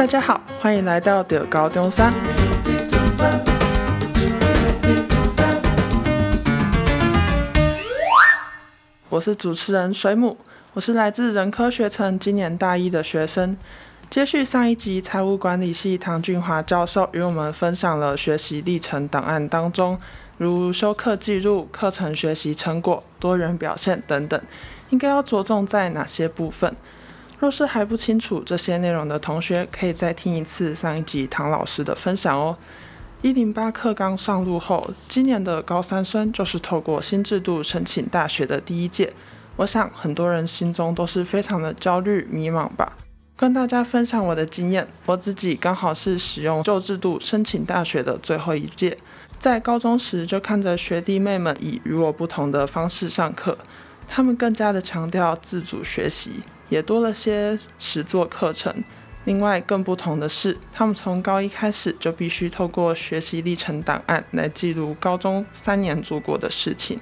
大家好，歡迎來到中猴中山。我是主持人水母，我是來自人科學程，今年大一的學生。接續上一集，財務管理系唐俊華教授與我們分享了學習歷程檔案當中，如修課記錄、課程學習成果、多元表現等等，應該要着重在哪些部分。若是還不清楚這些內容的同學，可以再聽一次上一集唐老師的分享哦。一零八課綱上路後，今年的高三生就是透過新制度申請大學的第一屆。我想很多人心中都是非常的焦慮、迷茫吧。跟大家分享我的經驗，我自己剛好是使用舊制度申請大學的最後一屆。在高中時就看着學弟妹們以與我不同的方式上課，他們更加的強調自主學習。也多了些實作課程。另外，更不同的是，他們從高一開始就必須透過學習歷程檔案來記錄高中三年做過的事情，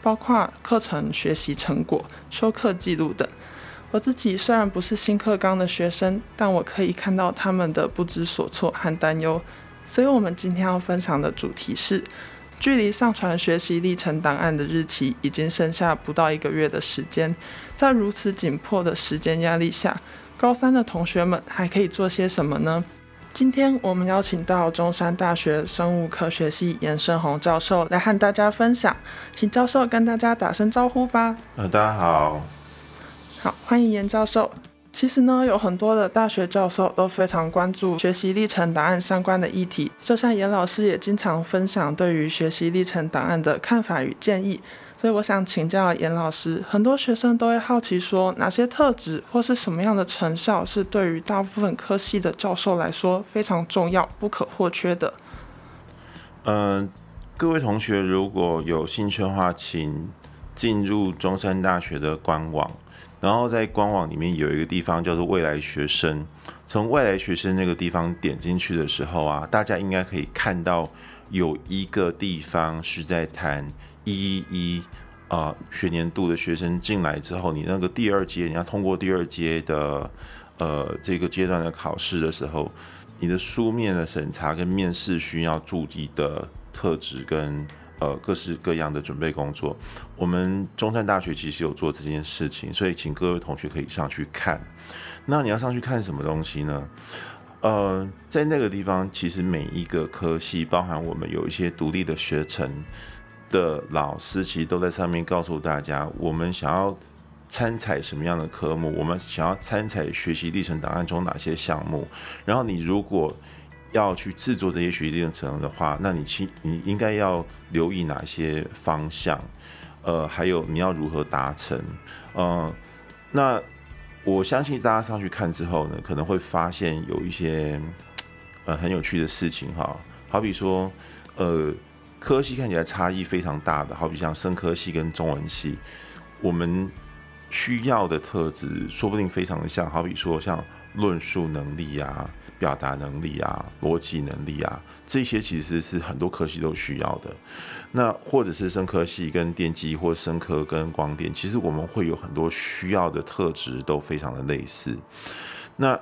包括課程學習成果、授課記錄等。我自己雖然不是新課綱的學生，但我可以看到他們的不知所措和擔憂。所以，我們今天要分享的主題是。距離上傳學習歷程檔案的日期已經剩下不到一個月的時間，在如此緊迫的時間壓力下，高三的同學們還可以做些什麼呢？今天我們邀請到中山大學生物科學系顏聖紘教授來和大家分享，請教授跟大家打聲招呼吧。呃，大家好，好，歡迎顏教授。其實呢，有很多的大學教授，都非常關注學習歷程檔案相關的議題。就像顏老師也經常分享對於學習歷程檔案的看法與建議。所以我想請教顏老師，很多學生都會好奇說，哪些特質或是什麼樣的成效，是對於大部分科系的教授來說非常重要、不可或缺的？嗯、呃，各位同學如果有興趣的話，請。進入中山大學的官網，然後在官網裡面有一個地方叫做“未來學生”。從“未來學生”那個地方點進去的時候啊，大家應該可以看到有一個地方是在談一一一啊學年度的學生進來之後，你那個第二階，你要通過第二階的呃這個階段的考試的時候，你的書面的審查跟面試需要注意的特質跟。呃，各式各樣的準備工作，我們中山大學其實有做這件事情，所以請各位同學可以上去看。那你要上去看什麼東西呢？呃，在那個地方，其實每一個科系，包含我們有一些獨立的學程的老師，其實都在上面告訴大家，我們想要參採什麼樣的科目，我們想要參採學習歷程檔案中哪些項目。然後你如果要去製作這些學習歷程的話，那你去你應該要留意哪些方向？呃，還有你要如何達成？嗯、呃，那我相信大家上去看之後呢，可能會發現有一些呃很有趣的事情哈。好比說，呃，科系看起來差異非常大的，好比像生科系跟中文系，我們需要的特質說不定非常的像。好比說像。論述能力啊，表達能力啊，邏輯能力啊，這些其實是很多科系都需要的。那或者是生科系跟電機，或生科跟光電，其實我們會有很多需要的特質都非常的類似。那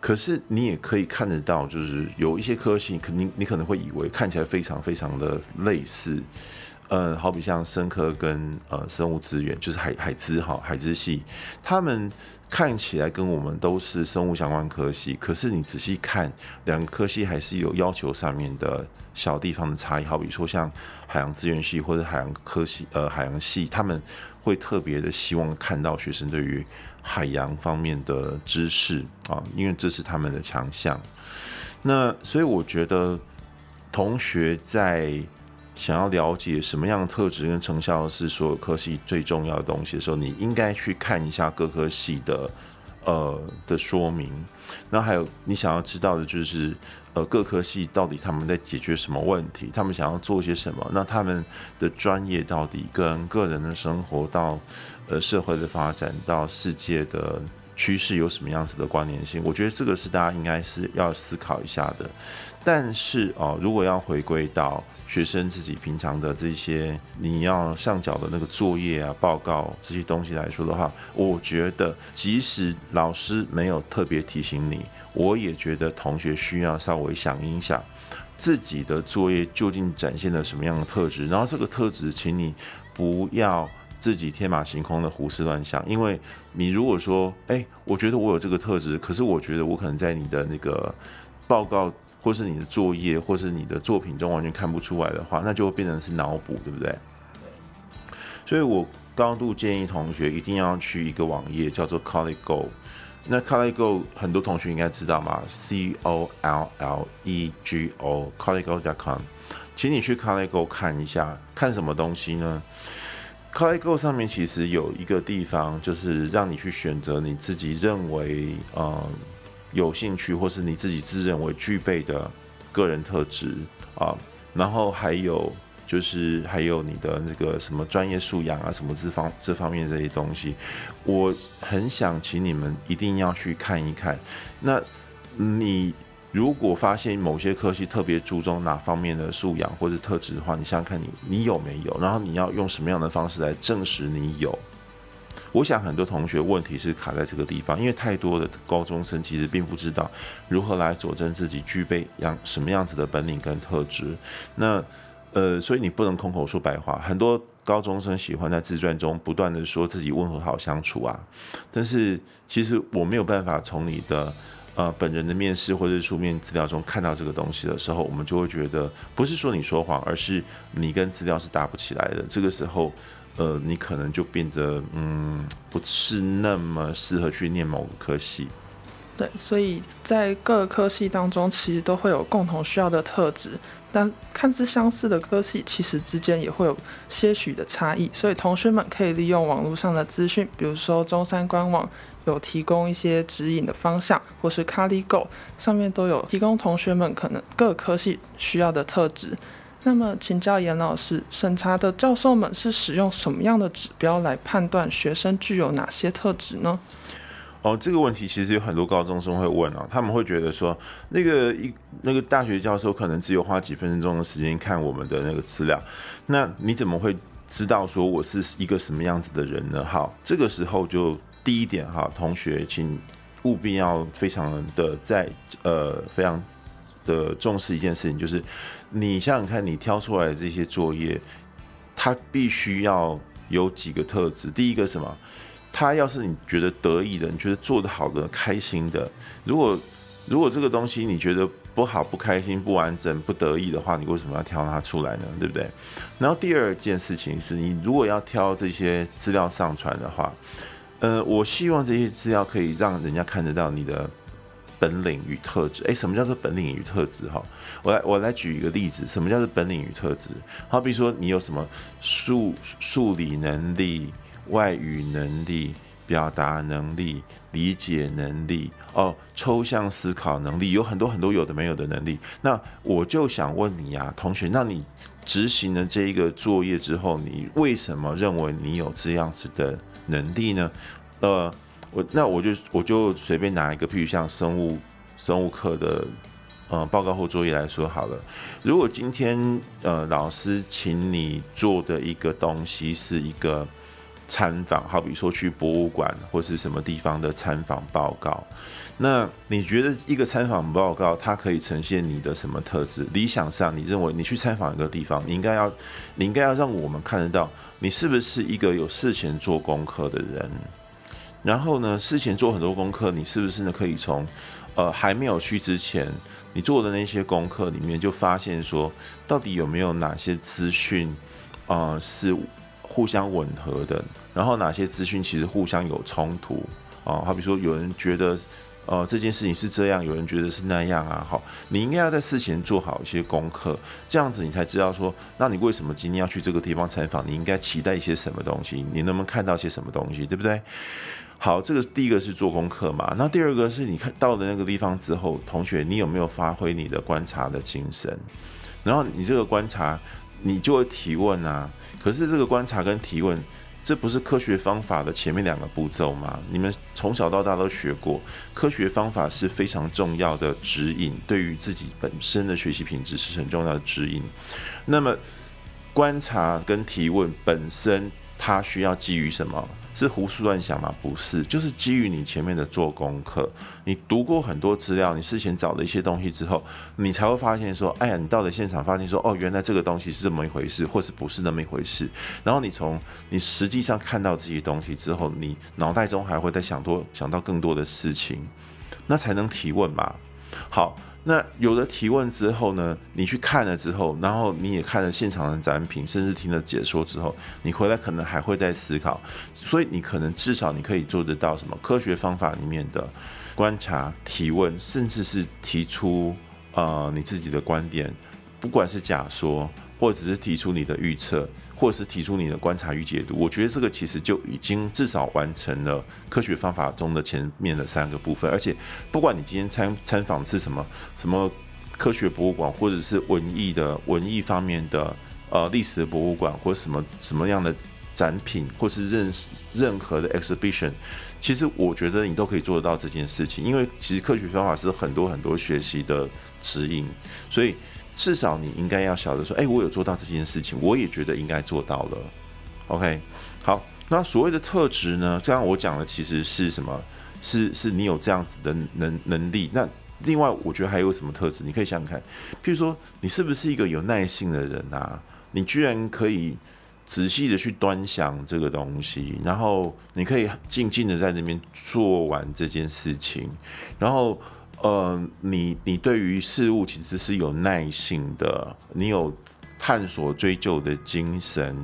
可是你也可以看得到，就是有一些科系你，肯定你可能會以為看起來非常非常的類似。呃，好比像生科跟呃生物資源，就是海海資哈海資系，他們。看起來跟我們都是生物相關科系，可是你仔細看，兩個科系還是有要求上面的小地方的差異。好比說像海洋資源系或者海洋科系，呃海洋系，他們會特別的希望看到學生對於海洋方面的知識啊，因為這是他們的強項。那所以我覺得同學在。想要了解什麼樣的特質跟成效是所有科系最重要的東西的時候，你應該去看一下各科系的呃的說明。那還有你想要知道的就是，呃，各科系到底他們在解決什麼問題，他們想要做些什麼，那他們的專業到底跟個人的生活到呃社會的發展到世界的趨勢有什麼樣子的關聯性？我覺得這個是大家應該是要思考一下的。但是哦、呃，如果要回歸到學生自己平常的這些你要上繳的那個作業啊、報告這些東西來說的話，我覺得即使老師沒有特別提醒你，我也覺得同學需要稍微想一下自己的作業究竟展現了什麼樣的特質。然後這個特質，請你不要自己天馬行空的胡思亂想，因為你如果說，哎，我覺得我有這個特質，可是我覺得我可能在你的那個報告。或是你的作業，或是你的作品中完全看不出來的話，那就會變成是腦補，對不對？所以我高度建議同學一定要去一個網頁，叫做 ColleGo。那 ColleGo 很多同學應該知道嗎？C O L L E G O ColleGo. dot com。請你去 ColleGo 看一下，看什麼東西呢？ColleGo 上面其實有一個地方，就是讓你去選擇你自己認為，嗯。有興趣，或是你自己自認為具備的個人特質啊，然後還有就是還有你的那個什麼專業素養啊，什麼這方這方面這些東西，我很想請你們一定要去看一看。那你如果發現某些科系特別注重哪方面的素養或是特質的話，你想想看你你有沒有，然後你要用什麼樣的方式來證實你有。我想很多同學問題是卡在這個地方，因為太多的高中生其實並不知道如何來佐證自己具備樣什麼樣子的本領跟特質。那，呃，所以你不能空口說白話。很多高中生喜歡在自傳中不斷地說自己溫和好相處啊，但是其實我沒有辦法從你的呃本人的面試或者書面資料中看到這個東西的時候，我們就會覺得不是說你說謊，而是你跟資料是搭不起來的。這個時候。呃，你可能就變得嗯，不是那麼適合去念某個科系。對，所以在各科系當中，其實都會有共同需要的特質，但看似相似的科系，其實之間也會有些許的差異。所以同學們可以利用網絡上的資訊，比如說中山官網有提供一些指引的方向，或是 ColleGo 上面都有提供同學們可能各科系需要的特質。那麼，請教顏老師，審查的教授們是使用什麼樣的指標來判斷學生具有哪些特質呢？哦，這個問題其實有很多高中生會問啊、哦，他們會覺得說，那個一那個大學教授可能只有花幾分鐘的時間看我們的那個資料，那你怎麼會知道說我是一個什麼樣子的人呢？好，這個時候就第一點哈，同學，請務必要非常的在呃非常。的重視一件事情，就是你像你看你挑出來的這些作業，它必須要有幾個特質。第一個什麼？它要是你覺得得意的，你覺得做得好的、開心的。如果如果這個東西你覺得不好、不開心、不完整、不得意的話，你為什麼要挑它出來呢？對不對？然後第二件事情是你如果要挑這些資料上傳的話，呃，我希望這些資料可以讓人家看得到你的。本領與特質，誒、欸，什麼叫做本領與特質？哈，我來，我來舉一個例子，什麼叫做本領與特質？好，比如說你有什麼數數理能力、外語能力、表達能力、理解能力，哦，抽象思考能力，有很多很多有的沒有的能力。那我就想問你呀、啊，同學，那你執行了這一個作業之後，你為什麼認為你有這樣子的能力呢？呃。我那我就我就隨便拿一個，譬如像生物生物課的，呃，報告或作業來說好了。如果今天呃老師請你做的一個東西是一個參訪，好比說去博物館或是什麼地方的參訪報告，那你覺得一個參訪報告它可以呈現你的什麼特質？理想上，你認為你去參訪一個地方，你應該要你應該要讓我們看得到你是不是一個有事前做功課的人？然後呢，事前做很多功課，你是不是呢，可以從，呃，還沒有去之前，你做的那些功課裡面就發現說，到底有沒有哪些資訊，呃，是互相吻合的，然後哪些資訊其實互相有衝突啊。好比如說，有人覺得，呃，這件事情是這樣，有人覺得是那樣啊。好，你應該要在事前做好一些功課，這樣子你才知道說，那你為什麼今天要去這個地方參訪？你應該期待一些什麼東西？你能不能看到一些什麼東西？對不對？好，這個第一個是做功課嘛，那第二個是你看到了那個地方之後，同學，你有沒有發揮你的觀察的精神？然後你這個觀察，你就會提問啊。可是這個觀察跟提問，這不是科學方法的前面兩個步驟嗎？你們從小到大都學過，科學方法是非常重要的指引，對於自己本身的學習品質是很重要的指引。那麼觀察跟提問本身，它需要基於什麼？是胡思亂想嗎？不是，就是基於你前面的做功課，你讀過很多資料，你事前找了一些東西之後，你才會發現說，哎呀，你到了現場發現說，哦，原來這個東西是這麼一回事，或是不是那麼一回事。然後你從你實際上看到這些東西之後，你腦袋中還會再想多想到更多的事情，那才能提問嘛。好。那有了提問之後呢，你去看了之後，然後你也看了現場的展品，甚至聽了解說之後，你回來可能還會再思考。所以你可能至少你可以做得到什麼科學方法裡面的觀察、提問，甚至是提出呃你自己的觀點，不管是假說。或者是提出你的預測，或者是提出你的觀察與解讀，我覺得這個其實就已經至少完成了科學方法中的前面的三個部分。而且，不管你今天參參訪的是什麼什麼科學博物館，或者是文藝的文藝方面的呃歷史博物館，或者什麼什麼樣的展品，或是任任何的 exhibition，其實我覺得你都可以做得到這件事情。因為其實科學方法是很多很多學習的指引，所以。至少你應該要曉得說，哎、欸，我有做到這件事情，我也覺得應該做到了。OK，好，那所謂的特質呢？剛剛我講的其實是什麼？是是，你有這樣子的能能力。那另外，我覺得還有什麼特質？你可以想想看，譬如說，你是不是一個有耐性的人啊？你居然可以仔細的去端詳這個東西，然後你可以靜靜的在那邊做完這件事情，然後。呃，你你對於事物其實是有耐性的，你有探索追究的精神，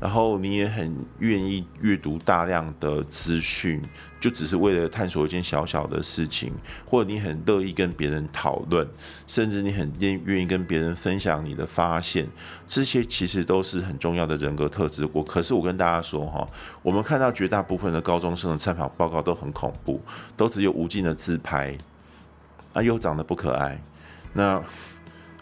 然後你也很願意閱讀大量的資訊，就只是為了探索一件小小的事情，或者你很樂意跟別人討論，甚至你很願意跟別人分享你的發現，這些其實都是很重要的人格特質。我可是我跟大家說哈，我們看到絕大部分的高中生的參考報告都很恐怖，都只有無盡的自拍。啊，又長得不可愛，那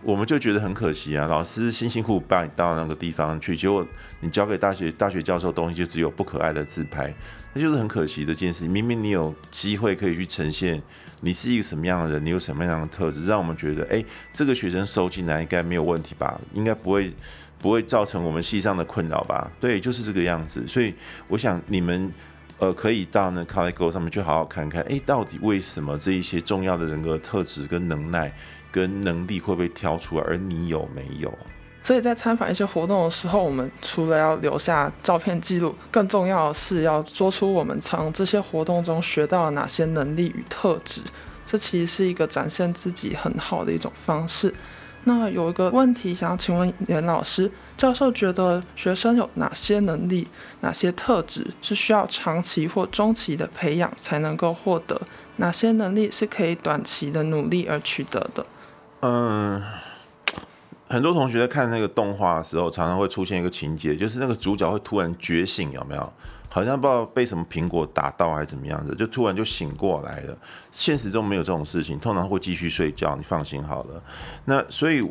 我們就覺得很可惜啊。老師辛辛苦苦把你帶到那個地方去，結果你交給大學大學教授東西，就只有不可愛的自拍，那就是很可惜的一件事。明明你有機會可以去呈現你是一個什麼樣的人，你有什麼樣的特質，讓我們覺得，誒、欸，這個學生收進來應該沒有問題吧？應該不會不會造成我們系上的困擾吧？對，就是這個樣子。所以我想你們。呃，可以到呢，Collego 上面去好好看看，哎，到底為什麼這一些重要的人格的特質跟能耐跟能力會被挑出來，而你有沒有？所以在參訪一些活動的時候，我們除了要留下照片記錄，更重要的是要做出我們從這些活動中學到了哪些能力與特質。這其實是一個展現自己很好的一種方式。那有一個問題想要請問顏老師，教授覺得學生有哪些能力、哪些特質是需要長期或中期的培養才能夠獲得？哪些能力是可以短期的努力而取得的？嗯，很多同學在看那個動畫的時候，常常會出現一個情節，就是那個主角會突然覺醒，有沒有？好像不知道被什麼蘋果打到還是怎麼樣的，就突然就醒過來了。現實中沒有這種事情，通常會繼續睡覺，你放心好了。那所以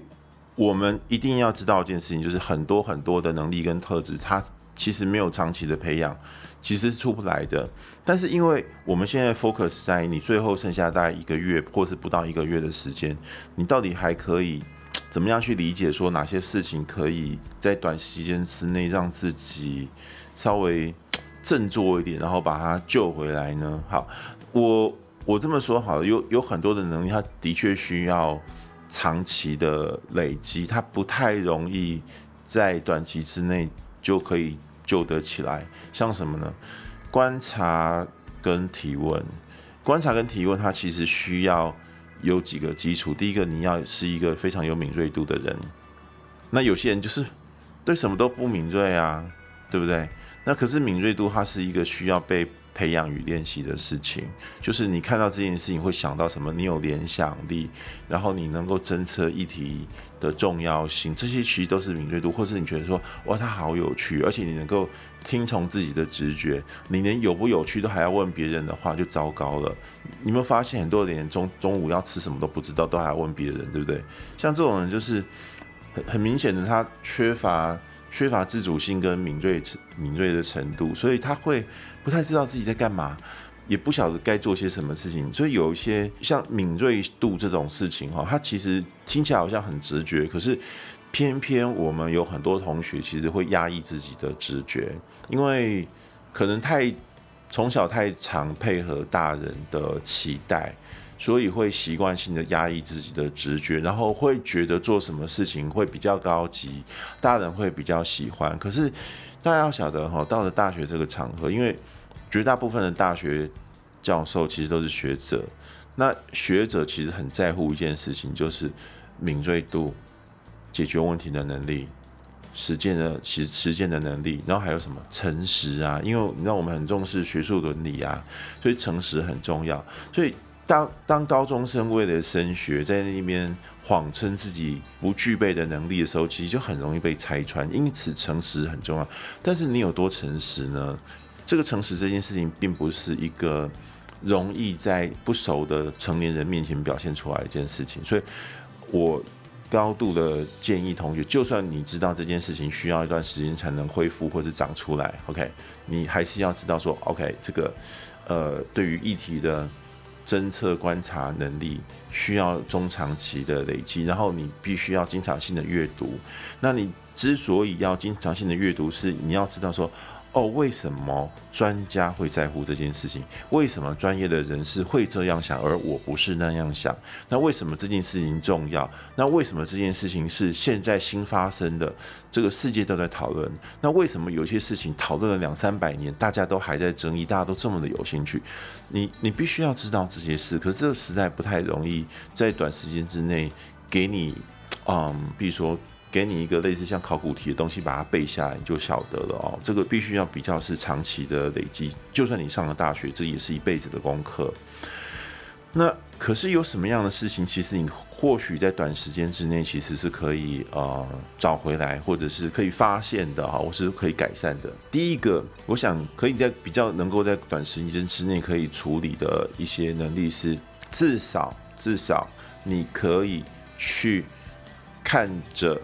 我們一定要知道一件事情，就是很多很多的能力跟特質，它其實沒有長期的培養，其實是出不來的。但是因為我們現在 focus 在你最後剩下大概一個月，或是不到一個月的時間，你到底還可以怎麼樣去理解說哪些事情可以在短時間之內讓自己稍微，振作一點，然後把他救回來呢？好，我我這麼說好了，有有很多的能力，他的確需要長期的累積，他不太容易在短期之內就可以救得起來。像什麼呢？觀察跟提問，觀察跟提問，他其實需要有幾個基礎。第一個，你要是一個非常有敏銳度的人。那有些人就是對什麼都不敏銳啊，對不對？那可是敏銳度，它是一個需要被培養與練習的事情。就是你看到這件事情會想到什麼？你有聯想力，然後你能夠偵測議題的重要性，這些其實都是敏銳度。或是你覺得說，哇，它好有趣，而且你能夠聽從自己的直覺，你連有不有趣都還要問別人的話，就糟糕了。你有沒有發現很多人連中中午要吃什麼都不知道，都還要問別人，對不對？像這種人就是很很明顯的，他缺乏。缺乏自主性跟敏銳、敏銳的程度，所以他會不太知道自己在幹嘛，也不曉得該做些什麼事情。所以有一些像敏銳度這種事情，哈，他其實聽起來好像很直覺，可是偏偏我們有很多同學其實會壓抑自己的直覺，因為可能太從小太常配合大人的期待。所以會習慣性的壓抑自己的直覺，然後會覺得做什麼事情會比較高級，大人會比較喜歡。可是大家要曉得哈，到了大學這個場合，因為絕大部分的大學教授其實都是學者，那學者其實很在乎一件事情，就是敏銳度、解決問題的能力、實踐的實實踐的能力，然後還有什麼誠實啊，因為你知道我們很重視學術倫理啊，所以誠實很重要，所以。當當高中生為了升學，在那邊謊稱自己不具備的能力的時候，其實就很容易被拆穿。因此，誠實很重要。但是，你有多誠實呢？這個誠實這件事情，並不是一個容易在不熟的成年人面前表現出來一件事情。所以，我高度的建議同學，就算你知道這件事情需要一段時間才能恢復或者長出來，OK，你還是要知道說，OK，這個呃，對於議題的。偵測觀察能力需要中長期的累積，然後你必須要經常性的閱讀。那你之所以要經常性的閱讀，是你要知道說。哦，為什麼專家會在乎這件事情？為什麼專業的人士會這樣想，而我不是那樣想？那為什麼這件事情重要？那為什麼這件事情是現在新發生的？這個世界都在討論。那為什麼有些事情討論了兩三百年，大家都還在爭議，大家都這麼的有興趣？你你必須要知道這些事，可是這實在不太容易，在短時間之內給你，嗯，比如說。給你一個類似像考古題的東西，把它背下來，你就曉得了哦。這個必須要比較是長期的累積，就算你上了大學，這也是一輩子的功課。那可是有什麼樣的事情，其實你或許在短時間之內其實是可以呃找回來，或者是可以發現的哈、哦，或是可以改善的。第一個，我想可以在比較能夠在短時間之內可以處理的一些能力是，至少至少你可以去看着，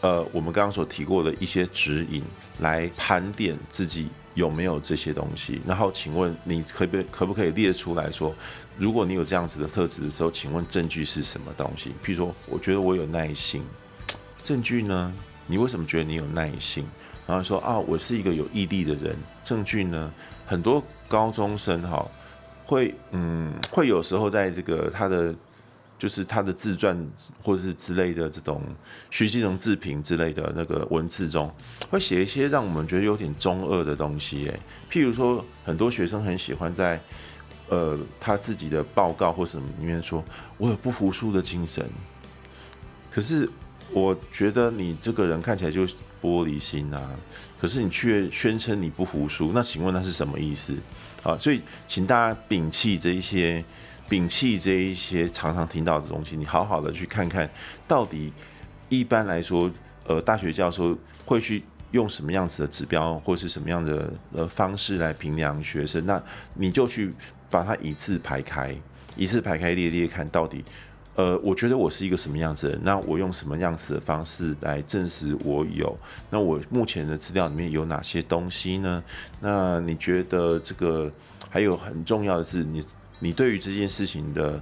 呃，我們剛剛所提過的一些指引，來盤點自己有沒有這些東西。然後，請問你可不可不可以列出來說，如果你有這樣子的特質的時候，請問證據是什麼東西？譬如說，我覺得我有耐心，證據呢？你為什麼覺得你有耐心？然後說啊，我是一個有毅力的人，證據呢？很多高中生哈，會嗯，會有時候在這個他的。就是他的自傳或者是之類的這種學習歷程自述之類的那個文字中，會寫一些讓我們覺得有點中二的東西。誒，譬如說，很多學生很喜歡在呃他自己的報告或什麼裡面說：“我有不服輸的精神。”可是我覺得你這個人看起來就玻璃心啊，可是你卻宣稱你不服輸，那請問那是什麼意思啊？所以，請大家摒棄這一些。摒棄這一些常常聽到的東西，你好好的去看看到底，一般來說，呃，大學教授會去用什麼樣子的指標或是什麼樣的呃方式來評量學生？那你就去把它一字排開，一字排開列列看到底，呃，我覺得我是一個什麼樣子的？那我用什麼樣子的方式來證實我有？那我目前的資料裡面有哪些東西呢？那你覺得這個還有很重要的是你？你對於這件事情的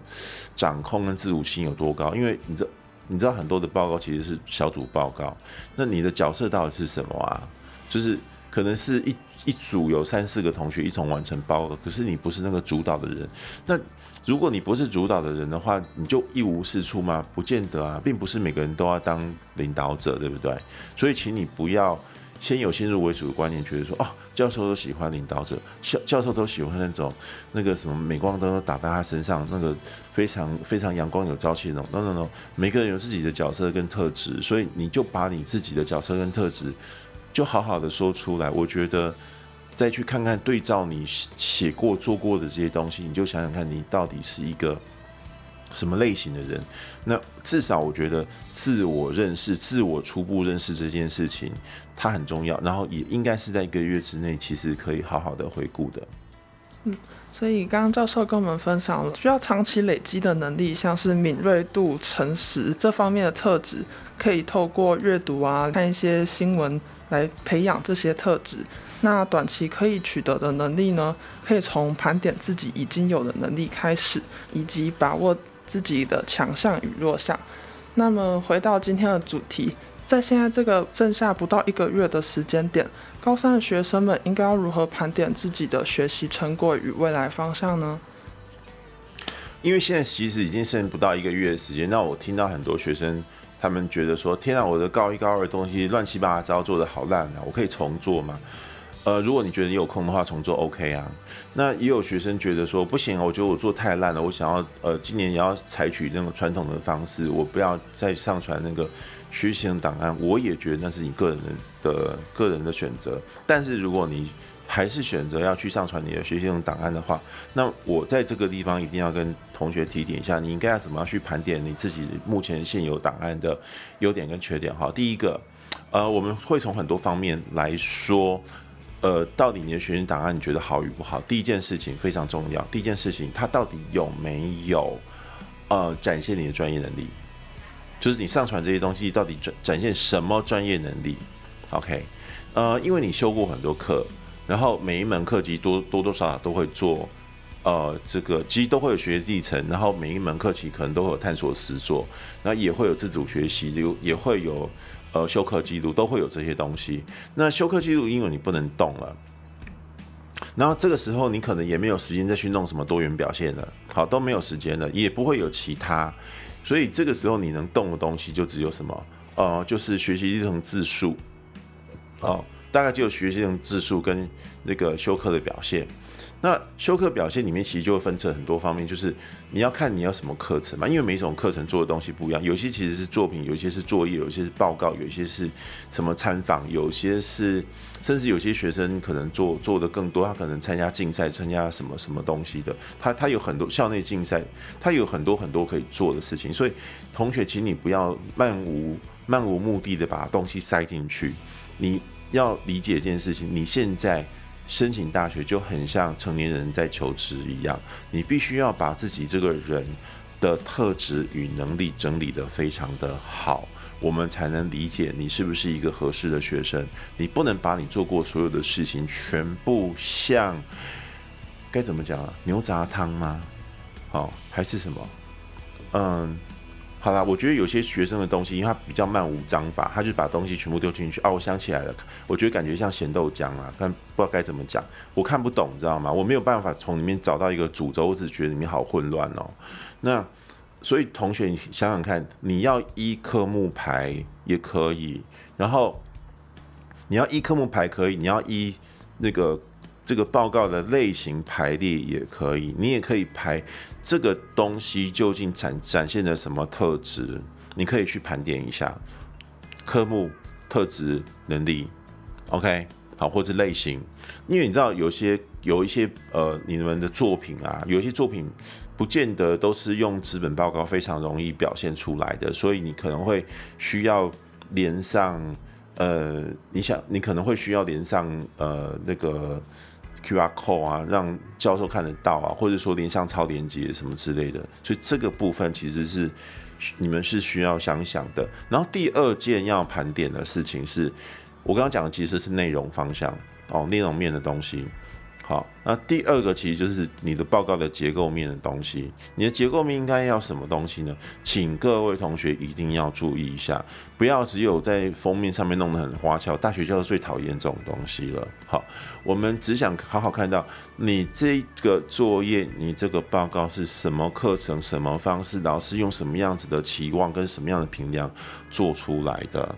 掌控跟自主性有多高？因為你知道，你知道很多的報告其實是小組報告，那你的角色到底是什麼啊？就是可能是一一組有三四個同學一同完成報告，可是你不是那個主導的人。那如果你不是主導的人的話，你就一無是處嗎？不見得啊，並不是每個人都要當領導者，對不對？所以，請你不要。先有先入為主的觀念，覺得說，哦，教授都喜歡領導者，教教授都喜歡那種那個什麼，鎂光燈都打在他身上，那個非常非常陽光有朝氣那種。No，No，No，no, no, 每個人有自己的角色跟特質，所以你就把你自己的角色跟特質，就好好的說出來。我覺得再去看看對照你寫過做過的這些東西，你就想想看你到底是一個。什麼類型的人？那至少我覺得自我認識、自我初步認識這件事情，它很重要。然後也應該是在一個月之內，其實可以好好的回顧的。嗯，所以剛剛教授跟我們分享，需要長期累積的能力，像是敏銳度、誠實這方面的特質，可以透過閱讀啊、看一些新聞來培養這些特質。那短期可以取得的能力呢，可以從盤點自己已經有的能力開始，以及把握。自己的強項與弱項。那麼回到今天的主題，在現在這個剩下不到一個月的時間點，高三的學生們應該要如何盤點自己的學習成果與未來方向呢？因為現在其實已經剩不到一個月的時間，那我聽到很多學生，他們覺得說：天啊，我的高一高二的東西亂七八糟做的好爛啊，我可以重做嗎？呃，如果你覺得你有空的話，重做 OK 啊。那也有學生覺得說不行，我覺得我做太爛了，我想要，呃，今年也要採取那個傳統的方式，我不要再上傳那個學習型檔案。我也覺得那是你個人的的個人的選擇。但是如果你還是選擇要去上傳你的學習型檔案的話，那我在這個地方一定要跟同學提點一下，你應該要怎麼樣去盤點你自己目前現有檔案的優點跟缺點哈。第一個，呃，我們會從很多方面來說。呃，到底你的學習檔案你覺得好與不好？第一件事情非常重要。第一件事情，它到底有沒有呃展現你的專業能力？就是你上傳這些東西到底展現什麼專業能力？OK，呃，因為你修過很多課，然後每一門課其實多、多多多少少都會做呃這個，其實都會有學習歷程，然後每一門課其實可能都會有探索實作，然後也會有自主學習，也會有。呃，修課紀錄都會有這些東西。那修課紀錄，因為你不能動了，然後這個時候你可能也沒有時間再去弄什麼多元表現了，好，都沒有時間了，也不會有其他，所以這個時候你能動的東西就只有什麼，呃，就是學習歷程自述。哦，大概就有學習歷程自述跟那個修課的表現。那修課表現裡面其實就會分成很多方面，就是你要看你要什麼課程嘛，因為每一種課程做的東西不一樣，有些其實是作品，有些是作業，有些是報告，有些是什麼參訪，有些是甚至有些學生可能做做的更多，他可能參加競賽，參加什麼什麼東西的，他他有很多校內競賽，他有很多很多可以做的事情，所以同學，請你不要漫無漫無目的的把東西塞進去，你要理解一件事情，你現在。申請大學就很像成年人在求職一樣，你必須要把自己這個人的特質與能力整理得非常的好，我們才能理解你是不是一個合適的學生。你不能把你做過所有的事情全部像該怎麼講啊？牛雜湯嗎？好、哦，還是什麼？嗯。好啦，我覺得有些學生的東西，因為他比較漫無章法，他就把東西全部丟進去啊。我想起來了，我覺得感覺像鹹豆漿啊，但不知道該怎麼講，我看不懂，知道嗎？我沒有辦法從裡面找到一個主軸，我只覺得裡面好混亂哦。那所以同學，你想想看，你要依科目排也可以，然後你要依科目排可以，你要依那個。這個報告的類型排列也可以，你也可以排這個東西究竟展展現了什麼特質，你可以去盤點一下科目特質能力，OK 好，或是類型，因為你知道有些有一些呃你們的作品啊，有一些作品不見得都是用紙本報告非常容易表現出來的，所以你可能會需要連上呃你想你可能會需要連上呃那個。QR code 啊，讓教授看得到啊，或者說連上超鏈接什麼之類的，所以這個部分其實是你們是需要想想的。然後第二件要盤點的事情是我剛剛講的，其實是內容方向哦，內容面的東西。好，那第二個其實就是你的報告的結構面的東西。你的結構面應該要什麼東西呢？請各位同學一定要注意一下，不要只有在封面上面弄得很花俏。大學教授最討厭這種東西了。好，我們只想好好看到你這個作業，你這個報告是什麼課程、什麼方式，老師用什麼樣子的期望跟什麼樣的評量做出來的。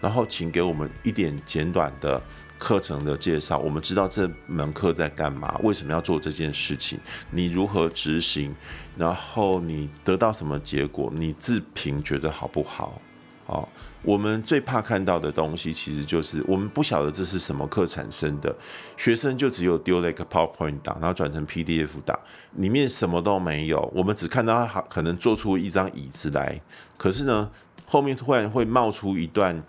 然後，請給我們一點簡短的。課程的介紹，我們知道這門課在幹嘛，為什麼要做這件事情，你如何執行，然後你得到什麼結果，你自評覺得好不好？哦，我們最怕看到的東西其實就是我們不曉得這是什麼課產生的，學生就只有丟了一個 PowerPoint 檔，然後轉成 PDF 檔，裡面什麼都沒有，我們只看到他可能做出一張椅子來，可是呢，後面突然會冒出一段。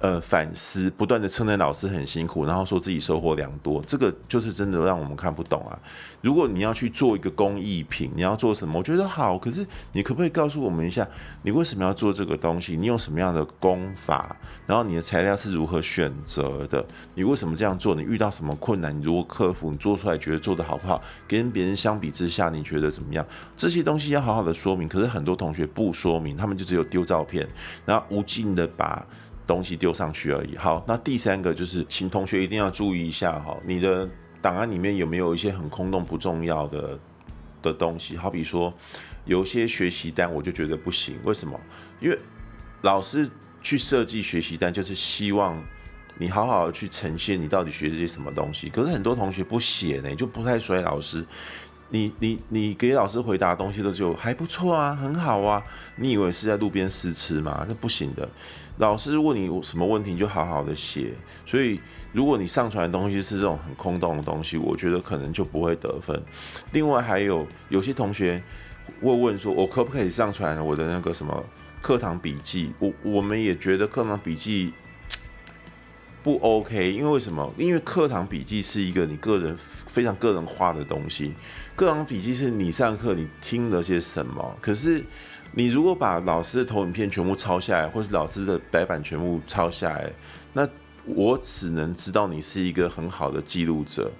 呃，反思不斷的稱讚老師很辛苦，然後說自己收穫良多，這個就是真的讓我們看不懂啊。如果你要去做一個工藝品，你要做什麼？我覺得好，可是你可不可以告訴我們一下，你為什麼要做這個東西？你用什麼樣的工法？然後你的材料是如何選擇的？你為什麼這樣做？你遇到什麼困難？你如果克服，你做出來覺得做得好不好？跟別人相比之下，你覺得怎麼樣？這些東西要好好的說明。可是很多同學不說明，他們就只有丟照片，然後無盡的把。東西丟上去而已。好，那第三個就是，請同學一定要注意一下哈，你的檔案裡面有沒有一些很空洞不重要的的東西？好比說，有些學習單我就覺得不行，為什麼？因為老師去設計學習單，就是希望你好好的去呈現你到底學了些什麼東西。可是很多同學不寫呢，就不太甩老師，你你你給老師回答的東西都就還不錯啊，很好啊。你以為是在路邊試吃嗎？那不行的。老師問你什麼問題，就好好的寫。所以，如果你上傳的東西是這種很空洞的東西，我覺得可能就不會得分。另外，還有有些同學會問問說：“我可不可以上傳我的那個什麼課堂筆記？”我我們也覺得課堂筆記不 OK，因為什麼？因為課堂筆記是一個你個人非常個人化的東西。課堂筆記是你上課你聽了些什麼，可是。你如果把老師的投影片全部抄下來，或是老師的白板全部抄下來，那我只能知道你是一個很好的記錄者。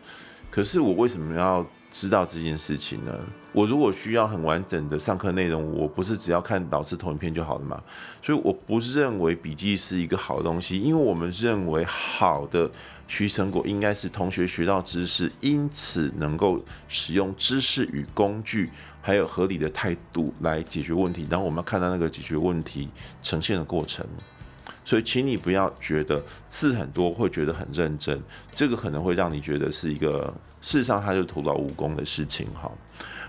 可是我為什麼要知道這件事情呢？我如果需要很完整的上課內容，我不是只要看老師投影片就好了嗎？所以我不認為筆記是一個好東西，因為我們認為好的學習成果應該是同學學到知識，因此能夠使用知識與工具，還有合理的態度來解決問題，然後我們要看到那個解決問題呈現的過程。所以，請你不要覺得字很多會覺得很認真，這個可能會讓你覺得是一個事實上他就是徒勞無功的事情哈。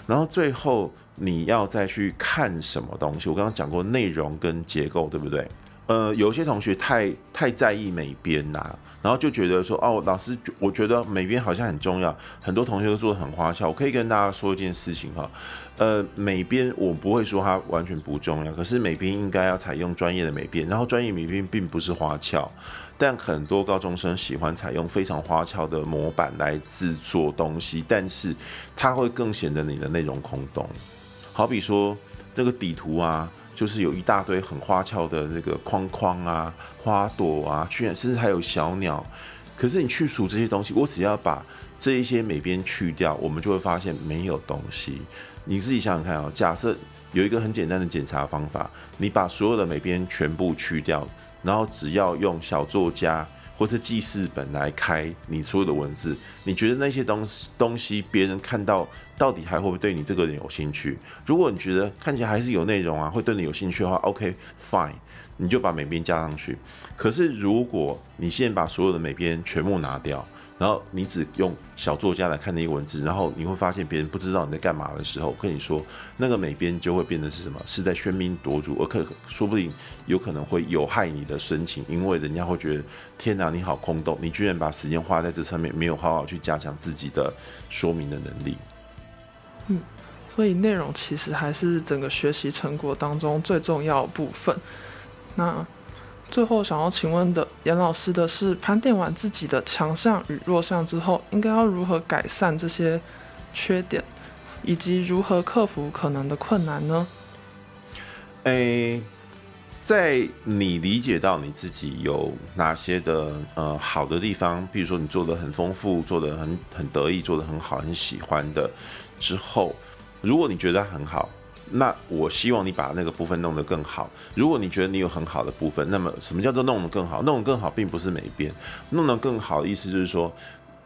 然後最後你要再去看什麼東西，我剛剛講過內容跟結構，對不對？呃，有一些同學太太在意美編啦，然後就覺得說，哦，老師，我覺得美編好像很重要，很多同學都做得很花俏。我可以跟大家說一件事情哈，呃，美編我不會說它完全不重要，可是美編應該要採用專業的美編，然後專業美編並不是花俏，但很多高中生喜歡採用非常花俏的模板來制作東西，但是它會更顯得你的內容空洞。好比說這個底圖啊。就是有一大堆很花俏的那個框框啊、花朵啊，去甚至還有小鳥。可是你去除這些東西，我只要把這一些美編去掉，我們就會發現沒有東西。你自己想想看啊、哦，假設有一個很簡單的檢查方法，你把所有的美編全部去掉，然後只要用小作家或者記事本來開你所有的文字，你覺得那些東東西別人看到？到底還會不會對你這個人有興趣？如果你覺得看起來還是有內容啊，會對你有興趣的話，OK, fine，你就把美編加上去。可是如果你現在把所有的美編全部拿掉，然後你只用小作家來看那些文字，然後你會發現別人不知道你在幹嘛的時候，跟你說那個美編就會變得是什麼？是在喧賓奪主，而可說不定有可能會有害你的申請，因為人家會覺得天哪，你好空洞，你居然把時間花在這上面，沒有好好去加強自己的說明的能力。嗯，所以內容其實還是整個學習成果當中最重要部分。那最後想要請問的顏老師的是，盤點完自己的強項與弱項之後，應該要如何改善這些缺點，以及如何克服可能的困難呢？誒、欸，在你理解到你自己有哪些的呃好的地方，比如說你做的很豐富，做的很很得意，做的很好，很喜歡的。之後，如果你覺得很好，那我希望你把那個部分弄得更好。如果你覺得你有很好的部分，那麼什麼叫做弄得更好？弄得更好並不是沒變，弄得更好的意思就是說，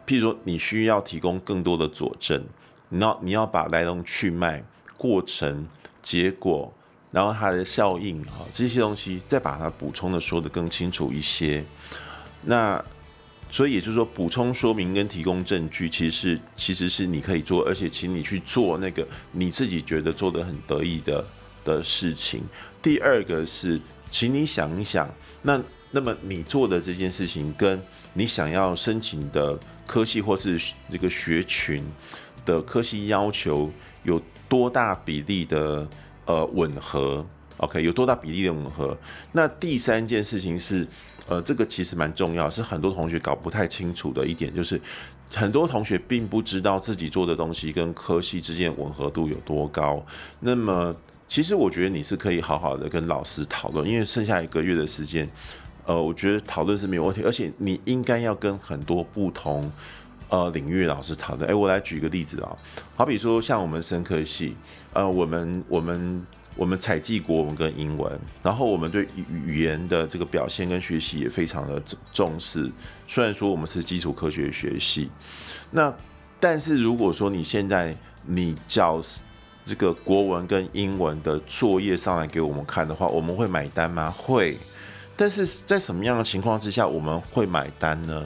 譬如說你需要提供更多的佐證，你要你要把來龍去脈、過程、結果，然後它的效應啊這些東西，再把它補充的說得更清楚一些。那。所以也就是說，補充說明跟提供證據，其實是其實是你可以做，而且，請你去做那個你自己覺得做得很得意的的事情。第二個是，請你想一想，那那麼你做的這件事情，跟你想要申請的科系或是那個學群的科系要求有多大比例的呃吻合？OK，有多大比例的吻合？那第三件事情是。呃，這個其實蠻重要，是很多同學搞不太清楚的一點，就是很多同學並不知道自己做的東西跟科系之間吻合度有多高。那麼，其實我覺得你是可以好好的跟老師討論，因為剩下一個月的時間，呃，我覺得討論是沒有問題，而且你應該要跟很多不同呃領域老師討論。哎，我來舉個例子啊，好比說像我們生科系，呃，我們我們。我們採計國文跟英文，然後我們對語言的這個表現跟學習也非常的重重視。雖然說我們是基礎科學學系，那但是如果說你現在你交這個國文跟英文的作業上來給我們看的話，我們會買單嗎？會，但是在什麼樣的情況之下我們會買單呢？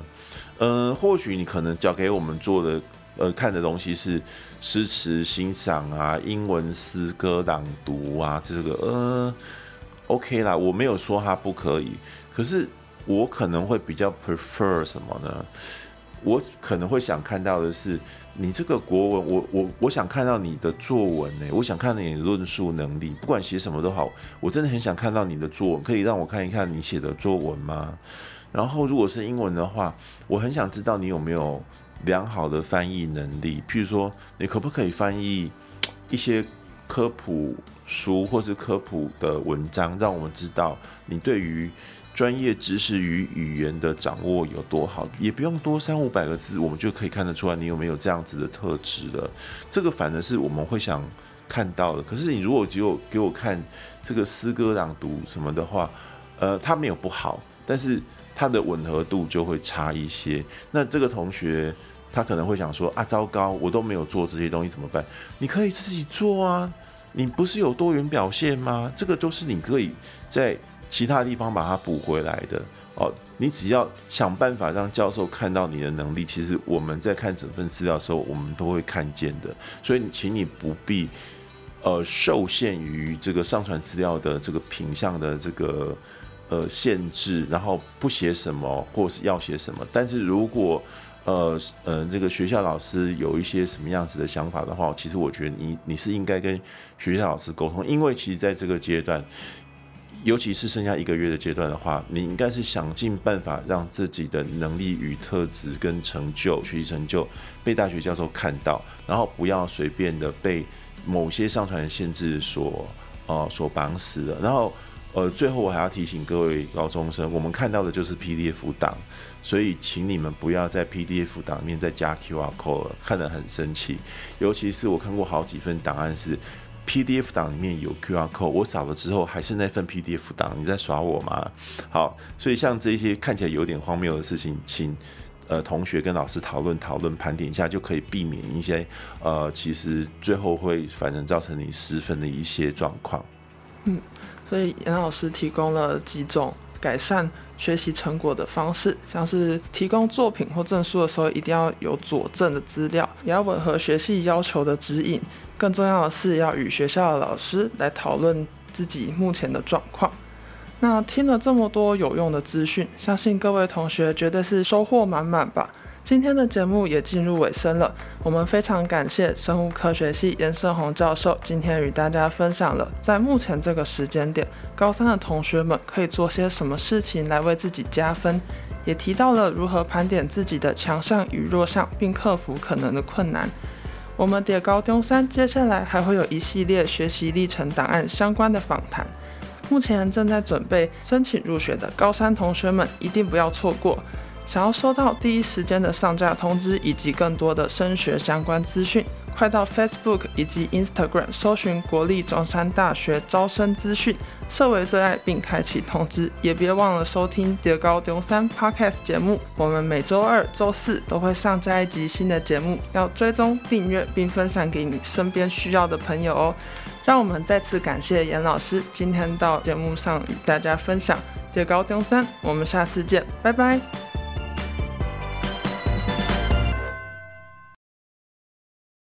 嗯、呃，或許你可能交給我們做的。呃，看的東西是詩詞欣賞啊，英文詩歌朗讀啊，這個呃，OK 啦，我沒有說他不可以，可是我可能會比較 prefer 什麼呢？我可能會想看到的是，你這個國文，我我我想看到你的作文呢，欸，我想看到你的論述能力，不管寫什麼都好，我真的很想看到你的作文，可以讓我看一看你寫的作文嗎？然後如果是英文的話，我很想知道你有沒有。良好的翻譯能力，譬如說，你可不可以翻譯一些科普書或是科普的文章，讓我們知道你對於專業知識與語言的掌握有多好？也不用多三五百個字，我們就可以看得出來你有沒有這樣子的特質了。這個反而是我們會想看到的。可是你如果只有給我看這個詩歌朗讀什麼的話，呃，它沒有不好，但是。它的吻合度就會差一些。那這個同學他可能會想說：“啊，糟糕，我都沒有做這些東西，怎麼辦？”你可以自己做啊，你不是有多元表現嗎？這個都是你可以在其他地方把它補回來的哦。你只要想辦法讓教授看到你的能力，其實我們在看整份資料的時候，我們都會看見的。所以，請你不必呃受限於這個上傳資料的這個品相的這個。呃，限制，然後不寫什麼，或是要寫什麼。但是，如果呃，嗯、呃，這個學校老師有一些什麼樣子的想法的話，其實我覺得你你是應該跟學校老師溝通，因為其實在這個階段，尤其是剩下一個月的階段的話，你應該是想盡辦法讓自己的能力與特質跟成就、學習成就被大學教授看到，然後不要隨便的被某些上傳的限制所呃所綁死了，然後。呃，最後我還要提醒各位高中生，我們看到的就是 PDF 檔，所以請你們不要在 PDF 檔裡面再加 QR code 了，看得很生氣。尤其是我看過好幾份檔案是 PDF 檔裡面有 QR code，我掃了之後還是那份 PDF 檔，你在耍我嗎？好，所以像這些看起來有點荒謬的事情，請呃同學跟老師討論討論，盤點一下就可以避免一些呃，其實最後會反正造成你失分的一些狀況。嗯。所以，顏老師提供了幾種改善學習成果的方式，像是提供作品或證書的時候，一定要有佐證的資料，也要吻合學習要求的指引。更重要的是，要與學校的老師來討論自己目前的狀況。那聽了這麼多有用的資訊，相信各位同學絕對是收穫滿滿吧。今天的節目也進入尾聲了，我們非常感謝生物科學系顏聖紘教授今天與大家分享了在目前這個時間點，高三的同學們可以做些什麼事情來為自己加分，也提到了如何盤點自己的強項與弱項，並克服可能的困難。我們疊高中三接下來還會有一系列學習歷程檔案相關的訪談，目前正在準備申請入學的高三同學們一定不要錯過。想要收到第一時間的上架通知以及更多的升學相關資訊，快到 Facebook 以及 Instagram 搜尋國立中山大學招生資訊，設為最愛並開啟通知。也別忘了收聽《Dear 高中山》Podcast 節目，我們每週二、週四都會上架一集新的節目，要追蹤、訂閱並分享給你身邊需要的朋友哦。讓我們再次感謝顏老師今天到節目上與大家分享《Dear 高中山》，我們下次見，拜拜。